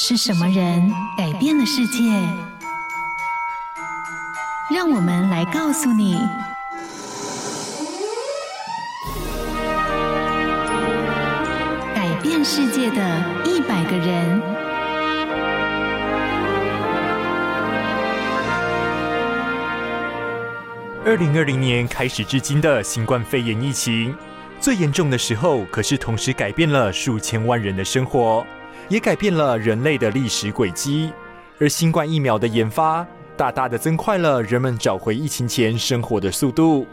是什麼人改變了世界？讓我們來告訴你：改變世界的一百個人。二零二零年開始至今的新冠肺炎疫情，最嚴重的時候，可是同時改變了數千萬人的生活。也改變了人類的歷史軌跡，而新冠疫苗的研發，大大的增快了人們找回疫情前生活的速度。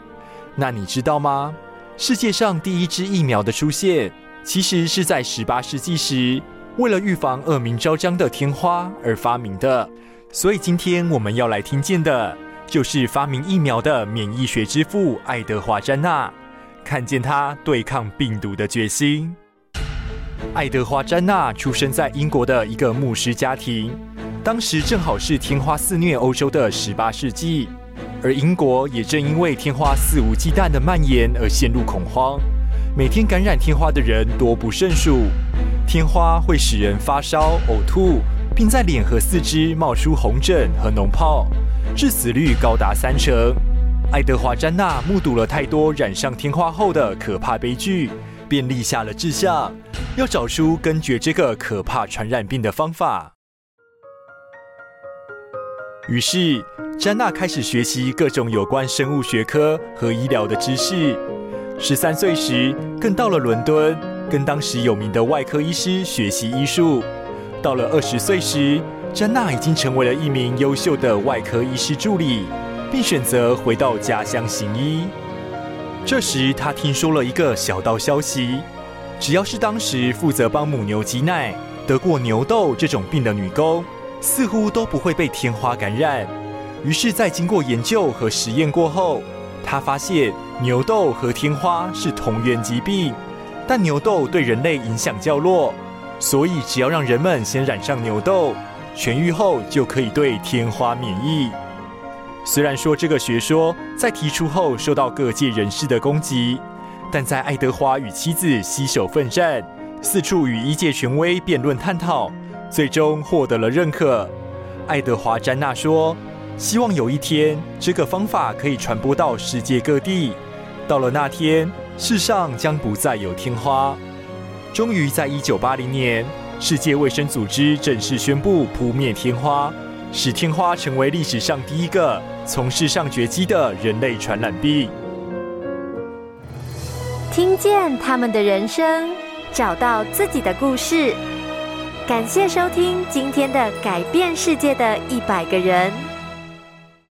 那你知道嗎？世界上第一支疫苗的出現，其實是在18世紀時，為了預防惡名昭彰的天花而發明的。所以今天我們要來聽見的，就是發明疫苗的免疫學之父愛德華·詹納，看見他對抗病毒的決心。愛德華·詹納出生在英國的一個牧師家庭，當時正好是天花肆虐歐洲的十八世紀，而英國也正因為天花肆無忌憚的蔓延而陷入恐慌，每天感染天花的人多不勝數。天花會使人發燒、嘔吐，並在臉和四肢冒出紅疹和膿疱，致死率高達三成。愛德華·詹納目睹了太多染上天花後的可怕悲劇便立下了志向，要找出根絕這個可怕傳染病的方法。於是，詹納開始學習各種有關生物學科和醫療的知識。十三歲時，更到了倫敦，跟當時有名的外科醫師學習醫術。到了二十歲時，詹納已經成為了一名優秀的外科醫師助理，並選擇回到家鄉行醫。這時，他聽說了一個小道消息：只要是當時負責幫母牛擠奶、得過牛痘這種病的女工，似乎都不會被天花感染。於是，在經過研究和實驗過後，他發現牛痘和天花是同源疾病，但牛痘對人類影響較弱，所以只要讓人們先染上牛痘，痊癒後就可以對天花免疫。雖然說這個學說在提出後受到各界人士的攻擊，但在愛德華與妻子攜手奮戰，四處與醫界權威辯論探討，最終獲得了認可。愛德華·詹納說：“希望有一天這個方法可以傳播到世界各地，到了那天，世上將不再有天花。”終於在1980年，世界衛生組織正式宣布撲滅天花。使天花成為歷史上第一個從世上絕跡的人類傳染病。聽見他們的人生，找到自己的故事。感謝收聽今天的改變世界的一百個人。